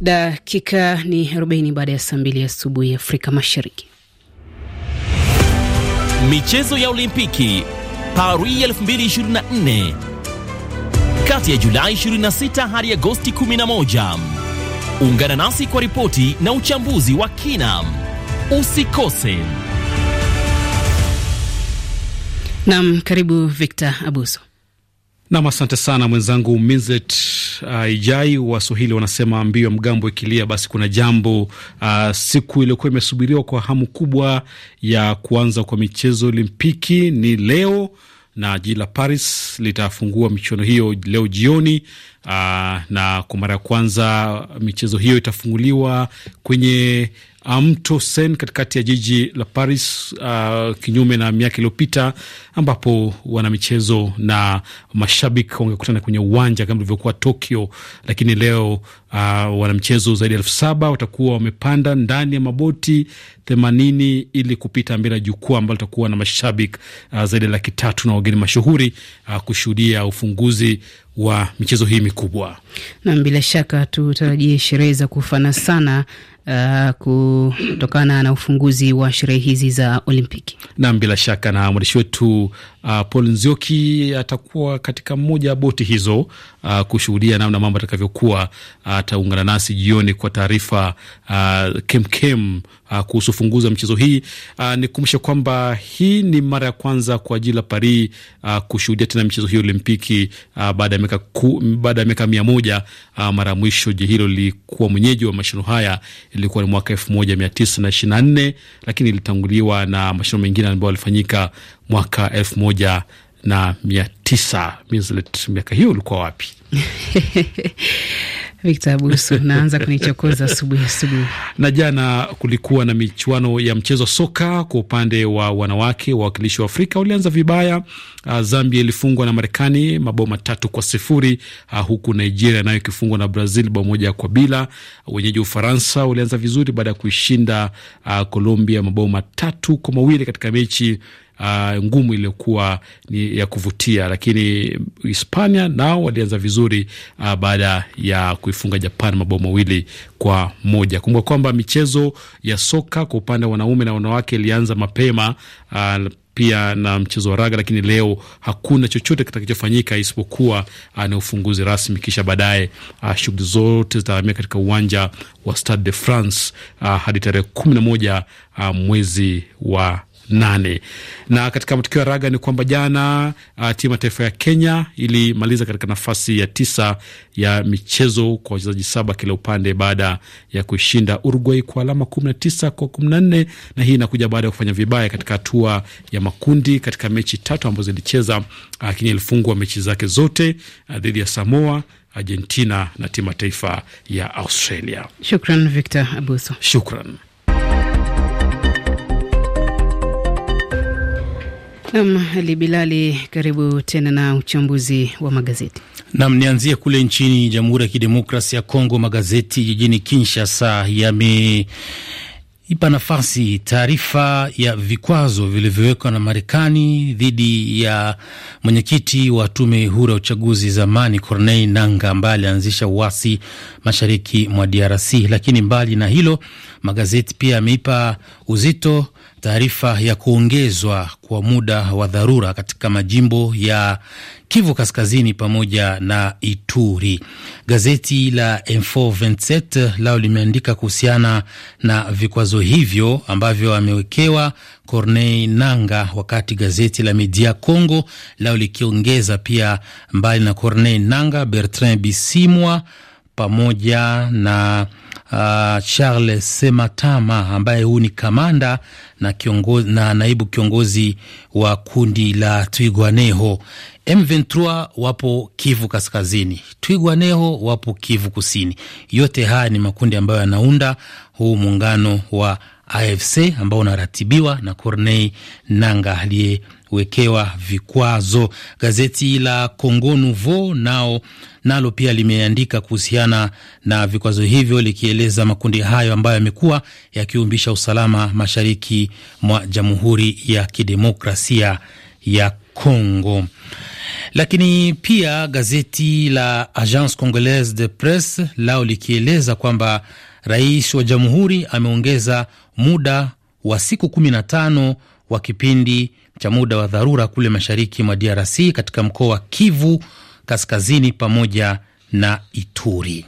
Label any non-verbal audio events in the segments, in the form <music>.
Dakika ni 40 baada ya saa mbili asubuhi Afrika Mashariki. Michezo ya Olimpiki Paris 2024 kati ya Julai 26 hadi Agosti 11. Ungana nasi kwa ripoti na uchambuzi wa kina, usikose. Nam, karibu Victor Abuso. Nam, asante sana mwenzangu Minzet uh, ijai. Waswahili wanasema mbio ya mgambo ikilia basi kuna jambo. Uh, siku iliyokuwa imesubiriwa kwa hamu kubwa ya kuanza kwa michezo Olimpiki ni leo na jiji la Paris litafungua michuano hiyo leo jioni. Uh, na kwa mara ya kwanza michezo hiyo itafunguliwa kwenye mto um, Sen katikati ya jiji la Paris, uh, kinyume na miaka iliyopita ambapo wanamichezo na mashabiki wangekutana kwenye uwanja kama ilivyokuwa Tokyo, lakini leo uh, wanamchezo zaidi ya elfu saba watakuwa wamepanda ndani ya maboti themanini ili kupita mbele ya jukwaa ambalo litakuwa na mashabiki uh, zaidi ya laki tatu na wageni mashuhuri uh, kushuhudia ufunguzi wa michezo hii mikubwa. Nam, bila shaka tutarajie sherehe za kufana sana uh, kutokana na ufunguzi wa sherehe hizi za Olimpiki. Naam, bila shaka na mwandishi wetu uh, Paul Nzioki atakuwa katika mmoja ya boti hizo uh, kushuhudia namna mambo atakavyokuwa. Uh, ataungana uh, nasi jioni kwa taarifa uh, kemkem uh, kuhusu ufunguzi wa michezo hii. Uh, nikumbushe kwamba hii ni mara ya kwanza kwa ajili ya Paris uh, kushuhudia tena michezo hii Olimpiki uh, baada ya miaka mia moja. Uh, mara ya mwisho jiji hilo lilikuwa mwenyeji wa mashindano haya ilikuwa ni mwaka nne lakini ilitanguliwa na mashindano mengine ambayo alifanyika mwaka 1900. Miaka hiyo ulikuwa wapi? <laughs> Victor Abuso, naanza kunichokoza asubuhi asubuhi. Na jana kulikuwa na michuano ya mchezo soka kwa upande wa wanawake. Wawakilishi wa Afrika walianza vibaya. Ah, Zambia ilifungwa na Marekani mabao matatu kwa sifuri, ah, huku Nigeria nayo ikifungwa na Brazil bao moja kwa bila. Wenyeji wa Ufaransa walianza vizuri baada ya kuishinda ah, Colombia mabao matatu kwa mawili katika mechi uh, ngumu iliyokuwa ni ya kuvutia, lakini Hispania nao walianza vizuri uh, baada ya kuifunga Japan mabao mawili kwa moja. Kumbuka kwamba michezo ya soka kwa upande wa wanaume na wanawake ilianza mapema uh, pia na mchezo wa raga, lakini leo hakuna chochote kitakachofanyika isipokuwa ni ufunguzi rasmi, kisha baadaye shughuli zote zitahamia katika uwanja wa Stade de France hadi tarehe kumi na moja mwezi wa nane. Na katika matukio ya raga ni kwamba jana uh, timu ya taifa ya Kenya ilimaliza katika nafasi ya tisa ya michezo kwa wachezaji saba kila upande baada ya kuishinda Uruguay kwa alama kumi na tisa kwa kumi na nne na hii inakuja baada ya kufanya vibaya katika hatua ya makundi katika mechi tatu ambazo ilicheza. Uh, Kenya ilifungwa mechi zake zote uh, dhidi ya Samoa, Argentina na timu ya taifa ya Australia. Shukran Victor Abuso, shukran. Nam Ali Bilali, karibu tena na uchambuzi wa magazeti. Nam, nianzie kule nchini Jamhuri ya Kidemokrasi ya Kongo. Magazeti jijini Kinshasa yame ipa nafasi taarifa ya vikwazo vilivyowekwa na Marekani dhidi ya mwenyekiti wa tume huru ya uchaguzi zamani Corneille nanga ambaye alianzisha uasi mashariki mwa DRC. Lakini mbali na hilo, magazeti pia yameipa uzito taarifa ya kuongezwa kwa muda wa dharura katika majimbo ya Kivu Kaskazini pamoja na Ituri. Gazeti la M427 lao limeandika kuhusiana na vikwazo hivyo ambavyo amewekewa Corneille Nanga, wakati gazeti la Media Congo lao likiongeza pia, mbali na Corneille Nanga, Bertrand Bisimwa pamoja na uh, Charles Sematama ambaye huu ni kamanda na, kiongozi, na naibu kiongozi wa kundi la Twigwaneho. M23 wapo Kivu Kaskazini, Twigwaneho wapo Kivu Kusini. Yote haya ni makundi ambayo yanaunda huu muungano wa AFC ambao unaratibiwa na Corneille Nangaa aliye kuwekewa vikwazo. Gazeti la Congo Nouveau nao nalo pia limeandika kuhusiana na vikwazo hivyo likieleza makundi hayo ambayo yamekuwa yakiumbisha usalama mashariki mwa Jamhuri ya Kidemokrasia ya Congo. Lakini pia gazeti la Agence Congolaise de Presse lao likieleza kwamba rais wa jamhuri ameongeza muda wa siku 15 wa kipindi cha muda wa dharura kule mashariki mwa DRC katika mkoa wa Kivu Kaskazini pamoja na Ituri.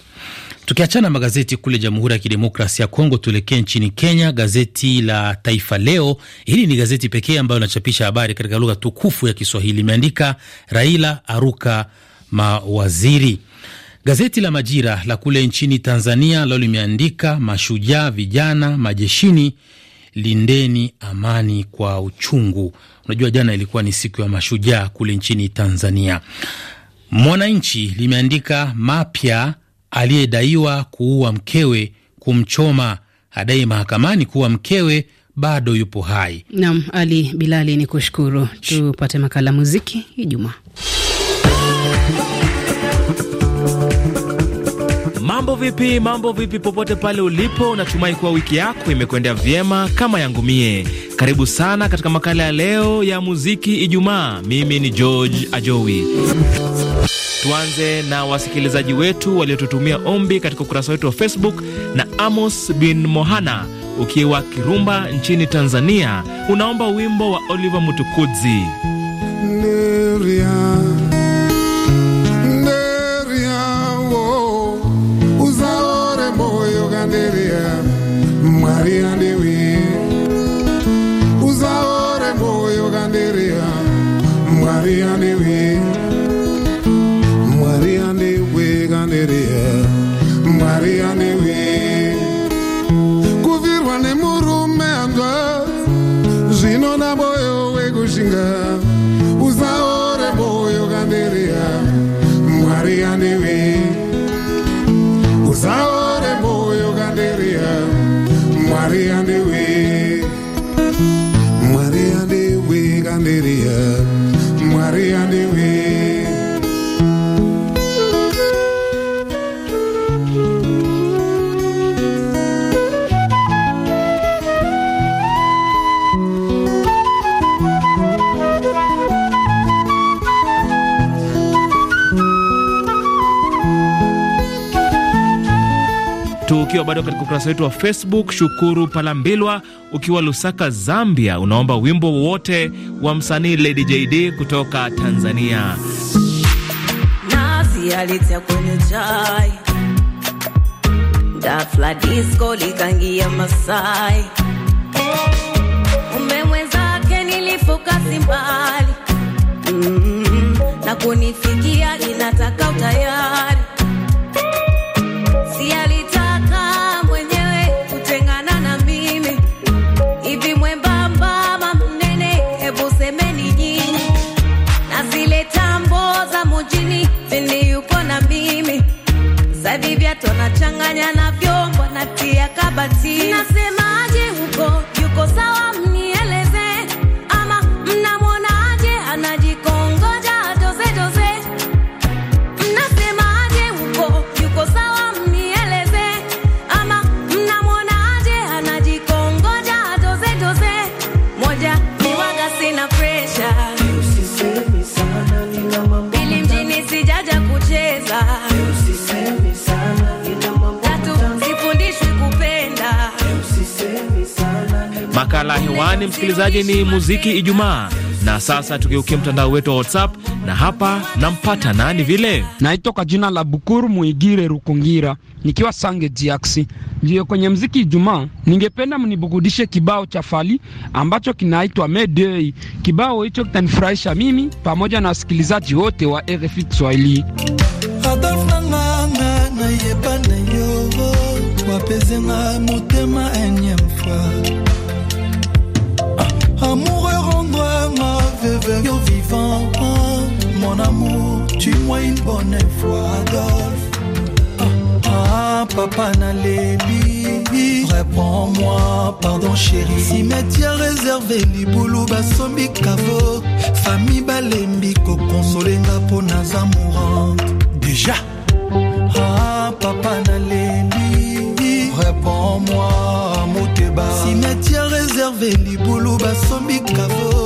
Tukiachana magazeti kule Jamhuri ya Kidemokrasia ya Kongo, tuelekee nchini Kenya. Gazeti la Taifa Leo, hili ni gazeti pekee ambayo linachapisha habari katika lugha tukufu ya Kiswahili, imeandika Raila aruka mawaziri. Gazeti la Majira la kule nchini Tanzania lao limeandika mashujaa vijana majeshini lindeni amani kwa uchungu. Unajua, jana ilikuwa ni siku ya mashujaa kule nchini Tanzania. Mwananchi limeandika mapya, aliyedaiwa kuua mkewe kumchoma adai mahakamani kuwa mkewe bado yupo hai. Naam, Ali Bilali, ni kushukuru. Tupate makala muziki Ijumaa. Mambo vipi, mambo vipi, popote pale ulipo, natumai kuwa wiki yako imekwendea vyema kama yangu mie. Karibu sana katika makala ya leo ya muziki Ijumaa. Mimi ni George Ajowi. Tuanze na wasikilizaji wetu waliotutumia ombi katika ukurasa wetu wa Facebook. Na Amos bin Mohana ukiwa Kirumba nchini Tanzania, unaomba wimbo wa Oliver Mutukudzi Niria. Maria Dewi Uzaore moyo gandiria Maria Dewi Maria Dewi gandiria Maria Dewi Kuvirwa ne murume anga Zino na boyo wegushinga Uzaore moyo gandiria Maria Dewi Uzaore Tukiwa bado katika ukurasa wetu wa Facebook, Shukuru Palambilwa ukiwa Lusaka, Zambia, unaomba wimbo wote wa msanii Lady JD kutoka Tanzania. likangia Masai, umemwezake mm-hmm. na kunifikia inataka utayari mañana. makala hewani, msikilizaji, ni muziki Ijumaa. Na sasa tukiukia mtandao wetu wa WhatsApp na hapa nampata nani vile. Naitwa kwa jina la Bukuru Muigire Rukungira nikiwa Sange Jaxi. Ndio kwenye mziki Ijumaa, ningependa mnibugudishe kibao cha fali ambacho kinaitwa Medei. Kibao hicho kitanifurahisha mimi pamoja na wasikilizaji wote wa RFI Kiswahili. Mon amour, tu moi une bonne fois, Adolphe. Ah, ah papa Nalébi, réponds-moi, pardon chérie. Cimetière réservé, boulou Basombi, Kavo. Famille Balembi, Nga Pona amourante. Déjà, ah, papa Nalébi, réponds-moi, Si Mouteba. Cimetière réservé, boulou Basombi, Kavo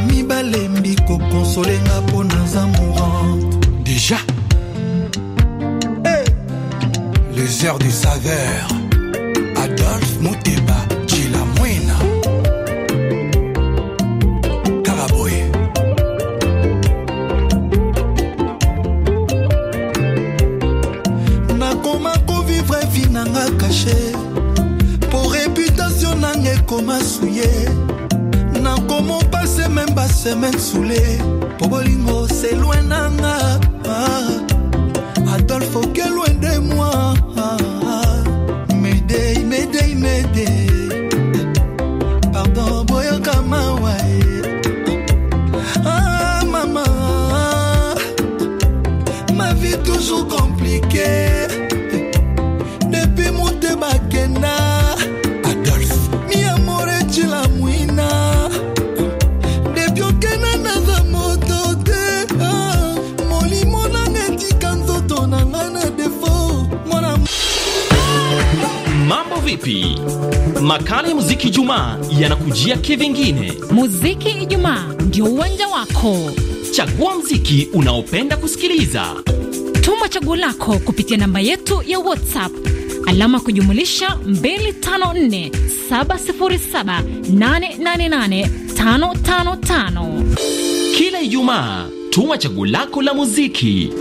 mi balembi kokonsole nga mpo naza mourante déjà eh! les heures du saveur adolphe moteba jila mwina karaboye nakoma kovivre vi nanga pour po reputation nanga ekoma suye semaine soulée po bolingo c'est loin na Ijumaa yanakujia kivingine. Muziki Ijumaa ndio uwanja wako. Chagua mziki unaopenda kusikiliza, tuma chaguo lako kupitia namba yetu ya WhatsApp alama kujumulisha 254 Kila Ijumaa tuma chaguo lako la muziki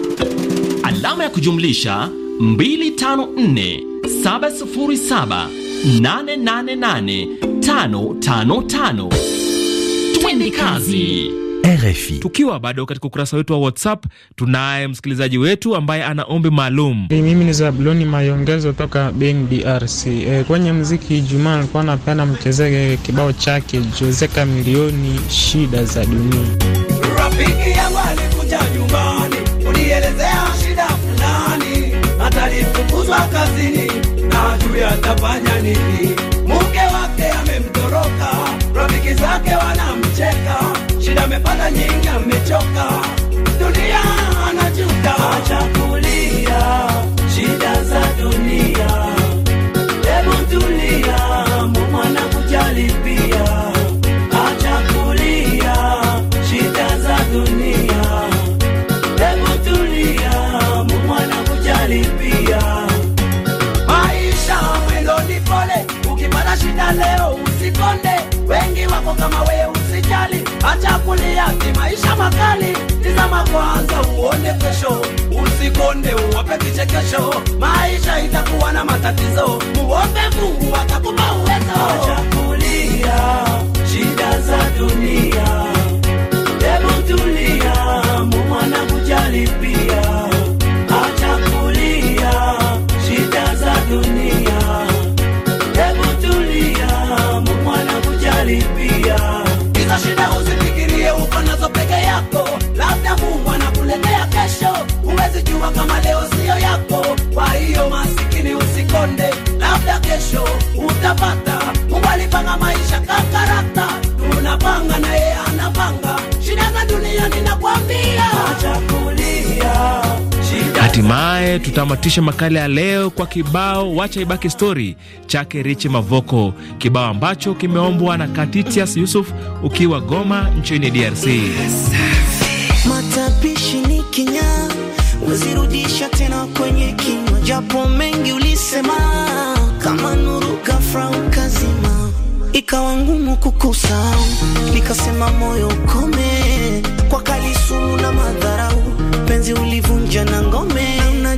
alama ya kujumlisha 254 707 888 555. Twende kazi. RFI. Tukiwa bado katika ukurasa wetu wa WhatsApp tunaye msikilizaji wetu ambaye ana ombi maalum. Hey, mimi ni Zabloni Mayongezo toka Beng DRC. E, eh, kwenye mziki Ijumaa alikuwa anapenda mchezege kibao chake Joseka milioni shida za dunia. Rafiki yangu alikuja nyumbani, unielezea shida fulani, atalifukuzwa kazini, na juu atafanya nini? marafiki zake wanamcheka, shida amepata nyingi, amechoka, dunia anajuta, acha kulia shida za dunia, hebu tulia, Mungu pia. acha kulia shida za dunia, hebu tulia, Mungu pia. Maisha mwendo ni pole, ukipata shida leo usikonde mwanangu, kama wewe usijali, acha kulia, ni maisha makali. Tizama kwanza uone kesho, usikonde uwape kichekesho, maisha itakuwa na matatizo. Muombe Mungu atakupa uwezo. Acha kulia shida za dunia shida usifikirie uko nazo peke yako, labda Mungu anakuletea kesho, huwezi jua kama leo siyo yako. Kwa hiyo masikini, usikonde, labda kesho utapata. Mungu alipanga maisha ka karata, tunapanga na yeye anapanga. Shida za dunia ninakwambia, Hatimaye tutamatisha makala ya leo kwa kibao wacha ibaki stori chake Richi Mavoko, kibao ambacho kimeombwa na Katitias Yusuf ukiwa Goma nchini DRC. Matapishi ni kinya uzirudisha tena kwenye kinywa, japo mengi ulisema kama nuru ukazima, ikawa ngumu nikasema moyo ukome kwa na madharau, penzi ulivunja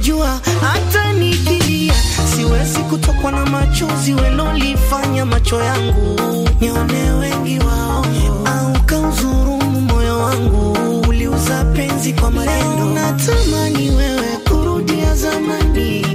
unajua hata nikilia siwezi kutokwa na machozi, wenolifanya macho yangu nione wengi wao, au kauzurumu moyo wangu, uliuza penzi kwa maneno, natamani wewe kurudia zamani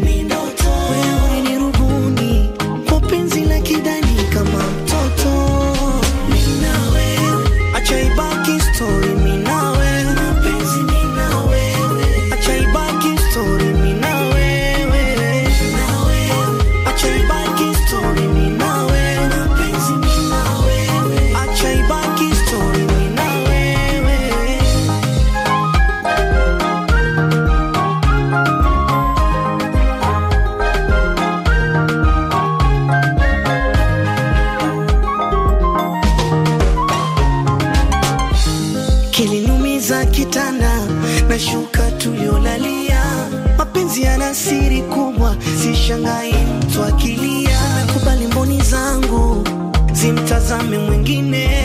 kuwa si shangai mtu akilia, nakubali mboni zangu zimtazame mwingine,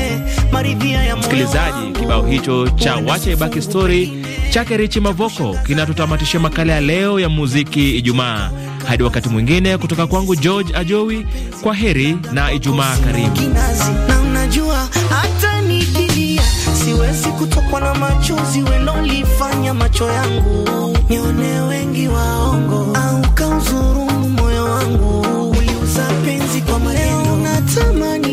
maridhia ya moyo. Msikilizaji, kibao hicho cha wacha ibaki story chake Richi Mavoko kinatutamatishia makala ya leo ya muziki Ijumaa. Hadi wakati mwingine, kutoka kwangu George Ajowi, kwa heri na Ijumaa karibu. Na unajua hata nikilia siwezi kutokwa na machozi, wendo lifanya macho yangu nione wengi waongo kwa maneno unatamani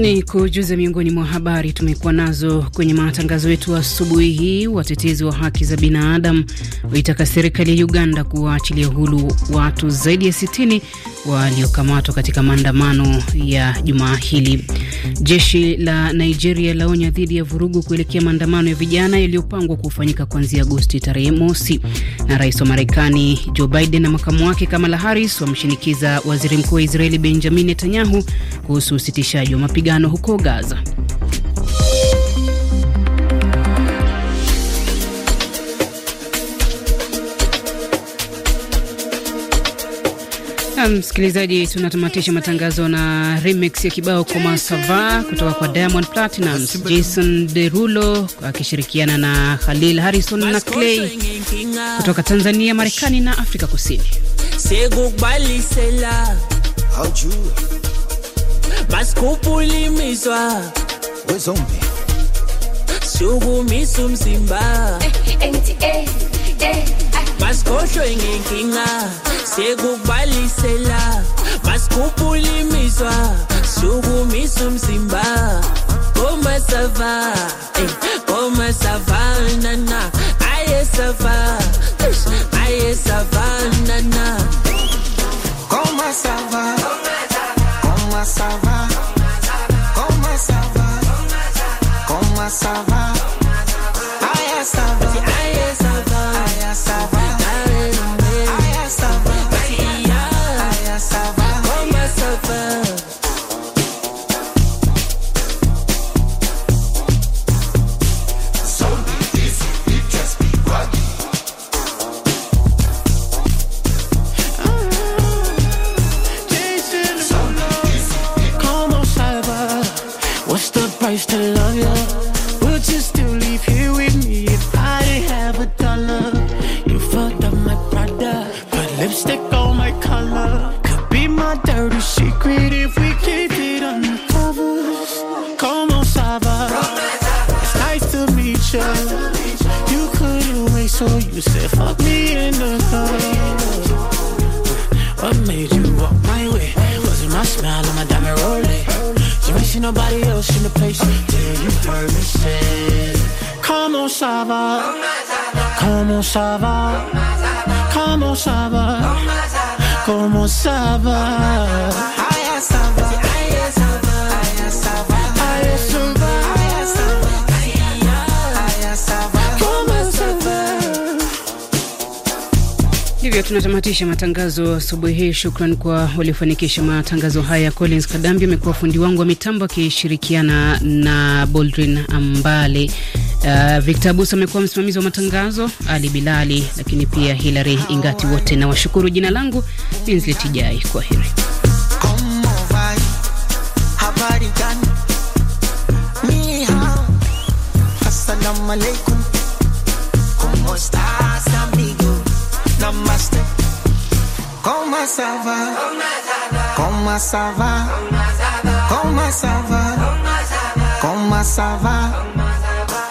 Ni kujuza miongoni mwa habari tumekuwa nazo kwenye matangazo yetu asubuhi hii. Watetezi wa haki za binadamu waitaka serikali ya Uganda kuwaachilia huru watu zaidi ya 60 waliokamatwa katika maandamano ya Jumaa hili. Jeshi la Nigeria laonya dhidi ya vurugu kuelekea maandamano ya vijana yaliyopangwa kufanyika kuanzia Agosti tarehe mosi. Na rais wa Marekani Joe Biden na makamu wake Kamala Harris wamshinikiza waziri mkuu wa Israeli Benjamin Netanyahu kuhusu usitishaji wa mapigano huko Gaza. msikilizaji, tunatamatisha matangazo na remix ya kibao koma sava kutoka kwa Diamond Platnumz, Jason Derulo akishirikiana na Khalil Harrison na Clay kutoka Tanzania, Marekani na Afrika Kusini. masikhohlwe ngenkinga sekukubalisela masikhuphule imizwa sukumisa umzimba goma sava eh, sava nana, aye sava eh, aye savanana goma sava goma sava goma sava goma sava to meet you. You couldn't wait, so you said, fuck me in the club. What made you walk my way? Was it my smile or my diamond Rolex? You ain't seen nobody else in the place till you heard me say, Come on, Saba. Come on, Saba. Come on, Saba. Como on, Saba. ndio tunatamatisha matangazo asubuhi hii. Shukran kwa waliofanikisha matangazo haya. Collins Kadambi amekuwa fundi wangu wa mitambo akishirikiana na Boldrin Ambale. Uh, Victor Bus amekuwa msimamizi wa matangazo, Ali Bilali lakini pia Hilary Ingati. Wote na washukuru. Jina langu Inzletijai, kwa heri. salva, com uma salva, com uma salva, com uma salva, com uma salva.